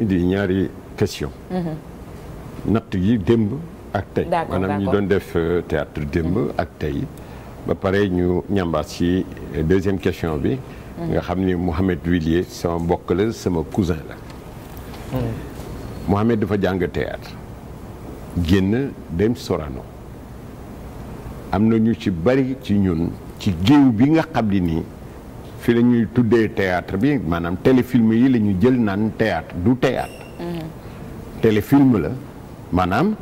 indi ñaari question mhm. natt yi démb ak tey maanaam ñu doon def euh, théâtre démb mhm. ak tey ba pare ñu ñambaas ci euh, deuxième question bi mhm. nga xam ni Mouhamed Villiers sama mbokk la sama cousin la Mouhamed dafa jàng théâtre génn dem Sorano am na ñu ci bari ci ñun ci géew bi nga xam ni nii fi lañuy tuddee théâtre bi maanaam téléfilm yi lañu jël naan théâtre du théâtre mm-hmm. téléfilm la maanaam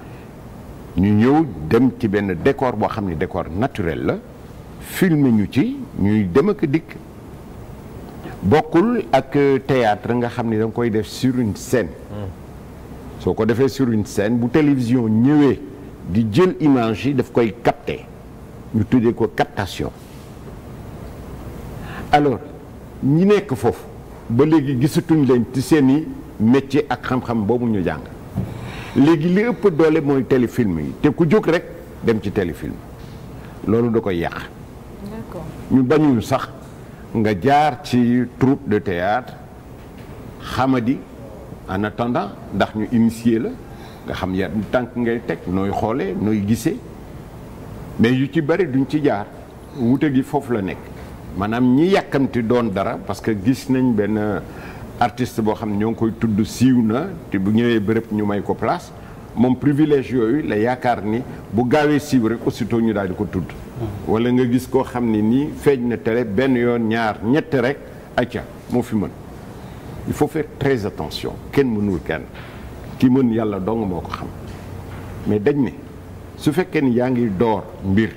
ñu ñëw dem ci benn décor boo xam ne décor naturel la filmer ñu ci ñuy dem ak dikk bokkul ak théâtre nga xam ni da koy def sur une scène mm. soo ko defee sur une scène bu télévision ñëwee di jël image yi daf koy capter ñu tuddee ko captation alors ñi nekk foofu ba léegi gisatuñ leen ci seeni i ak xam-xam boobu ñu jàng léegi li ëpp doole mooy téléfilm yi te ku jóg rek dem ci téléfilm loolu da koy yàq. d'accord ñu bañuñu sax nga jaar ci troupe de théâtre xamadi en ndax ñu initier la nga xam ya tànk ngay teg nooy xoolee nooy gisee mais yu ci bari duñ ci jaar wute gi foofu la nekk. maanaam ñi yàkkamti doon dara parce que gis nañ benn artiste boo xam ne ñoo ngi koy tudd siiw na te bu ñëwee bërëb ñu may ko place moom privilège yooyu la yaakaar ni bu gaawee siiw rek aussitôt ñu daal di ko tudd. wala nga gis koo xam ne nii feeñ na télé benn yoon ñaar ñett rek acca moo fi mën il faut faire très attention kenn mënul kenn ki mën yàlla dong moo ko xam mais dañ ne su fekkee ni yaa ngi door mbir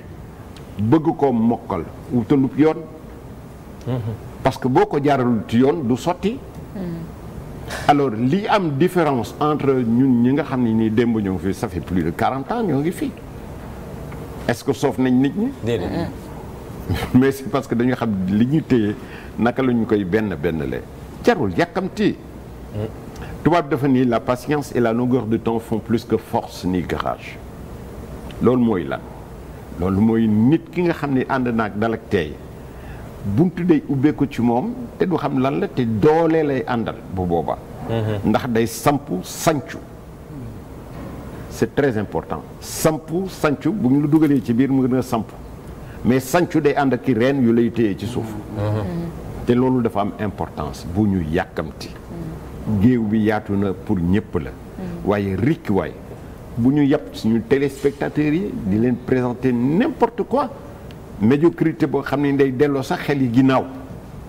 bëgg ko mokkal wutalub yoon. parce que boo ko jaaralul ci yoon du sotti. alors li am différence entre ñun ñi nga xam ne nii démb ñoo ngi fi ça fait plus de quarante ans ñoo ngi fii est-ce que soof nañ nit ñi. déedéet mais parce que dañu xam li ñu téye naka la ñu koy benn benn lee jarul yàkkamti. tubaab dafa nii la patience et la longueur de temps font plus que force ni garage loolu mooy lan loolu mooy nit ki nga xam ni ànd naag dal ak tey buntu day ubbeeku ci moom te du xam lan la te doolee lay àndal bu boobaa. Mhm. ndax day sampu sancu c'est très important sampu sancu bu ñu la dugalee ci biir mu gën a sampu mais sancu day ànd ak i reen yu lay téye ci suuf. Mhm. Mhm. te loolu dafa am importance bu ñu yàkkamti. géew bi yaatu na pour ñëpp la. waaye rikki waay bu ñu yàpp suñu téléspectateurs yi di leen présenter n'importe quoi. médiocrité boo xam ne day delloo sax xel yi ginnaaw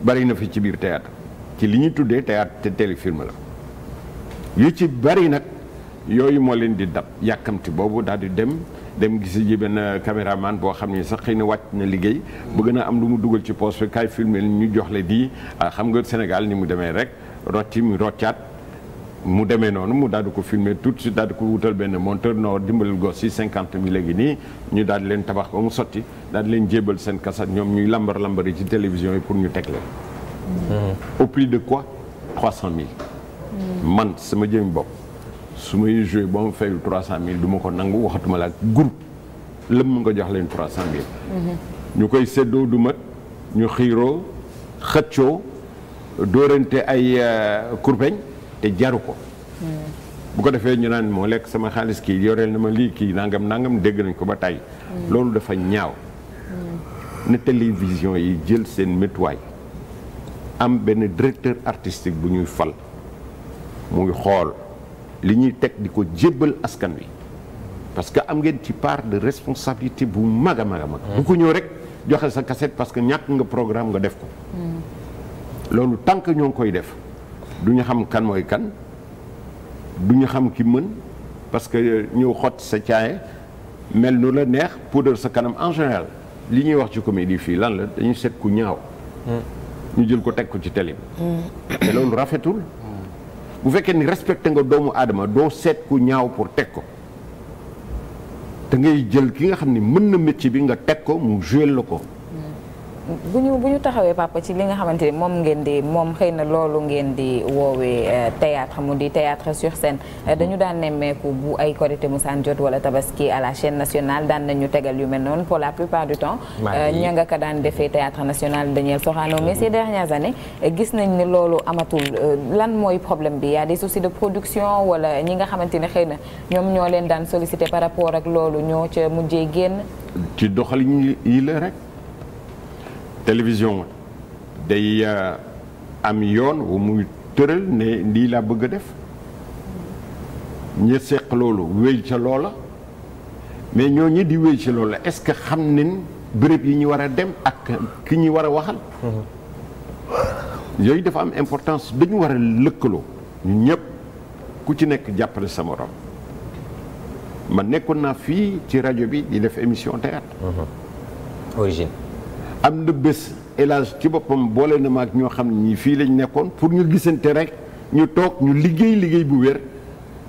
bari na fi ci biir théâtre ci li ñuy tuddee théâtre te téléfilm la yu ci bari nag yooyu moo leen di dab yàkkamti boobu daal di dem dem gisi ji benn caméraman boo xam ne sax xëy na wàcc na liggéey bëgg na am lu mu dugal ci poste bi kaay filmé ñu jox la di ah, xam nga Sénégal ni mu demee rek rotti mu roccaat mu demee noonu mu daal ko filmer tout si suite daal di ko wutal benn monteur noo dimbalil gos yi cinquante mille léegi nii ñu daal di leen tabax ba mu sotti daal leen jébal seen kaset ñoom ñuy lambar lambar ci télévision yi pour ñu teg leen. Hmm. au prix de quoi trois cent mille. Hmm. man sama jëm bopp su may joué ba mu fayul trois cent mille duma ko nangu waxatuma la ak groupe lëm mu nga jox leen trois cent mille. Hmm. ñu koy seddoo du mat ñu xiiroo xëccoo dóorante ay euh, kurpeñ. te jaru ko hmm. bu ko defee ñu naan moo lekk sama xaalis kii yoreel na ma lii kii nangam nangam dégg nañ ko ba tey hmm. loolu dafa ñaaw hmm. na télévision yi jël seen métuwaay am benn directeur artistique bu ñuy fal muy xool li ñuy teg di ko jébbal askan wi parce que am ngeen ci part de responsabilité bu mag a mag a mag bu ko ñëw rek joxe sa cassette parce que ñàkk nga programme nga def ko loolu tant que ñoo ngi koy def du ñu xam kan mooy kan du ñu xam ki mën parce que ñëw xott sa caaye mel nu la neex poudre sa kanam en général li ñuy wax ci comédie fii lan la dañu seet ku ñaaw. Hmm. ñu jël ko teg ko ci télé bi. Hmm. te loolu rafetul. Hmm. bu fekkee ni respecté nga doomu aadama doo seet ku ñaaw pour teg ko te ngay jël ki nga xam ni mën na métier bi nga teg ko mu joué la ko. bu ñu bu ñu taxawee papa ci li nga xamante ni moom ngeen di moom xëy na loolu ngeen di woowee euh, théâtre mu di théâtre sur scène euh, dañu daan nemmeeku bu ay korité musaan jot wala tabaski à la chaîne nationale daan nañu tegal yu mel noonu pour la plupart du temps euh, ña nga ko daan national Daniel Sorano mais mm-hmm. ces gis nañ ni loolu amatul lan mooy problème bi y a des production wala ñi nga xamante ne xëy na ñoom ñoo leen daan sollicité par rapport ak loolu ñoo ca mujjee génn ci doxalin ñu la rek télévision day euh, am yoon wu muy tëral ne lii laa bëgg a def ñi seq loolu wéy ca loola mais ñoo ñi di wéy ci loolu est-ce que xam ne béréb yi ñu war a dem ak ki ñu war a waxal mm-hmm. yooyu dafa am importance dañu war a lëkkaloo ñun ñëpp ku ci nekk jàppale sa morom man nekkoon naa fii ci rajo bi di def émission théâtre mm-hmm. am na bés élage ci boppam boole na ma ñoo xam ne ñii fii lañ nekkoon pour ñu gisante rek ñu toog ñu liggéey liggéey bu wér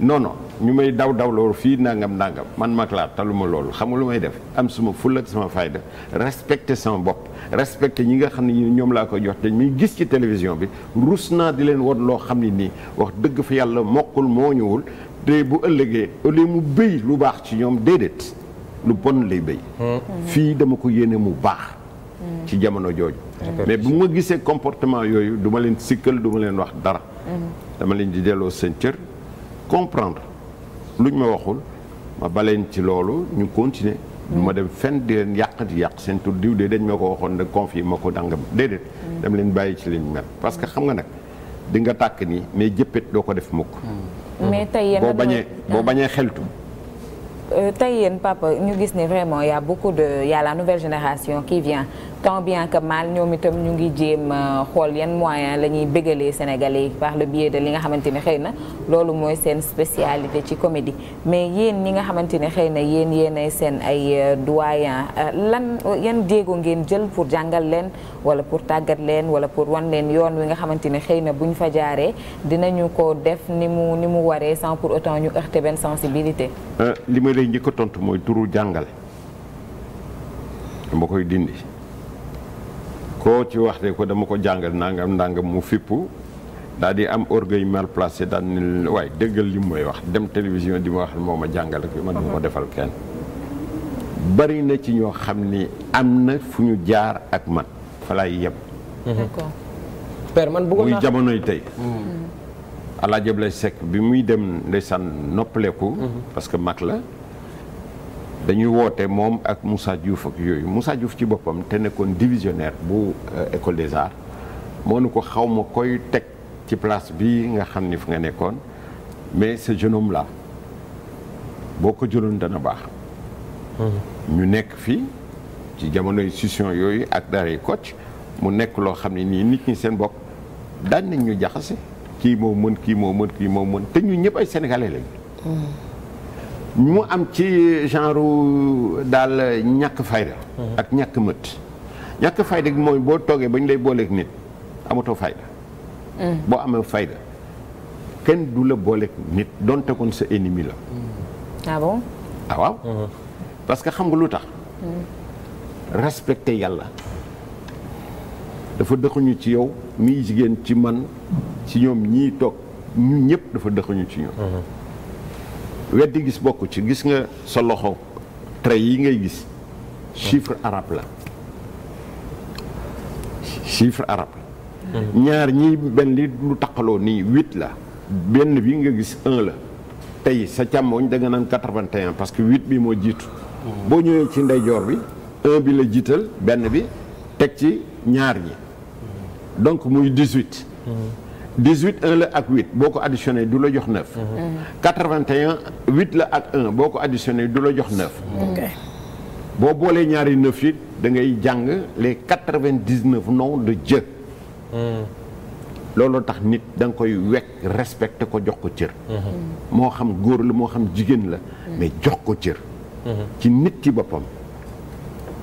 non ñu may daw daw loolu fii nangam ndàngam man mag laa taluma loolu xam nga lu may def am suma fulla ak sama fayda respecté bopp respecté ñi nga xam ne ñoom laa ko jox te muy gis ci télévision bi rus naa di leen won loo xam ne nii wax dëgg fi yàlla mokkul moo ñëwul te bu ëllëgee au mu béy lu baax ci ñoom déedéet lu bon lay béy. Hmm. fii dama ko yéene mu baax. ci jamono jooj mais bu ma gisee comportement yooyu duma leen sikkal du leen wax dara. dama leen di delloo seen cër comprendre luñ ma waxul ma baleen ci loolu ñu continuer. du ma dem fenn di leen di yàq seen tur diw dañ ma ko waxoon nag confié ma ko danga déedéet. dama leen bàyyi ci liñ mel parce que xam nga nag di nga tàkk nii mais jëppit doo ko def mukk. mais tey yéen boo bañee boo bañee xeltu. Euh, tey yéen papa ñu gis ne vraiment y' a beaucoup de y' a la génération qui vient temps bien que mal ñoom itam ñu ngi jéem xool yan moyen la ñuy bégalee sénégalais yi par le de li nga xamante ne xëy na loolu mooy seen spécialité ci comédie mais yéen ñi nga xamante ne xëy na yéen yéenay seen ay euh, doyen euh, lan yan jéego ngeen jël pour jàngal leen wala pour tàggat leen wala pour wan leen yoon wi nga xamante ne xëy na buñ fa jaaree dinañu ko def ni mu ni mu waree sans pour autant ñu heurter benn sensibilité. Euh, li may lay njëkk tontu mooy turu jàngale. dama koy koo ci wax ne ko dama ko jàngal nangam nangam mu fippu daal di am orgueil mal placé ni waaye dëggal li mooy wax dem télévision di ma wax moo ma jàngal ak man duma ko defal kenn bari na ci ñoo xam ni am na fu ñu jaar ak man fa laay yem mhm. man bëggoon naa muy jamonoy tey mm. Alaaji Ablaye bi muy dem ndeysaan noppaleku mhm. parce que mag la dañuy woote moom ak Moussa Diouf ak yooyu Moussa Diouf ci boppam te nekkoon divisionnaire bu euh, école des arts moo nu ko xawma koy teg ci place bi nga xam ni fi nga nekkoon mais ce jeune homme boo ko jëloon dana baax. Mm-hmm. ñu nekk fii ci jamonoy session yooyu ak daaray Kocc mu nekk loo xam ne nii nit ñi seen bopp daan nañ ñu jaxase kii moo mën kii moo mën kii moo mën te ñu ñëpp ay sénégalais lañ. Mm-hmm. mu am ci genre daal ñàkk fayda mhm. ak ñàkk mët ñàkk fayda mooy boo toogee bañ lay booleek nit amatoo fayda mm. boo amee fayda kenn du la booleeg nit doon kon sa ennemi la mm. ah bon ah waaw mhm. parce que xam nga lu tax mm. respecter yàlla dafa dëxuñu ci yow miy jigéen ci man ci ñoom ñii toog ñu ñëpp dafa dëxuñu ci ñoom mhm. weddi gis bokku ci gis nga sa loxo trait yi ngay gis chiffre arab la chiffre arabe ñaar ñi benn li lu taqaloo nii huit la benn bi nga gis un la tey sa càmmoñ da nga naan quatre parce que huit bi moo jiitu boo ñëwee ci ndeyjoor bi un bi la jiital benn bi teg ci ñaar ñi donc muy dix 18 1 la ak 8 boo ko additionné du la jox 9. 81 8 la ak 1 boo ko additionné du la jox 9. boo boolee ñaari 9 yi da ngay jàng les 99 noms du jë hmm. looloo tax nit da nga koy wekk respecté ko jox ko cër. Hmm. moo xam góor la moo xam jigéen la. Hmm. mais jox ko cër. ci nit ci boppam.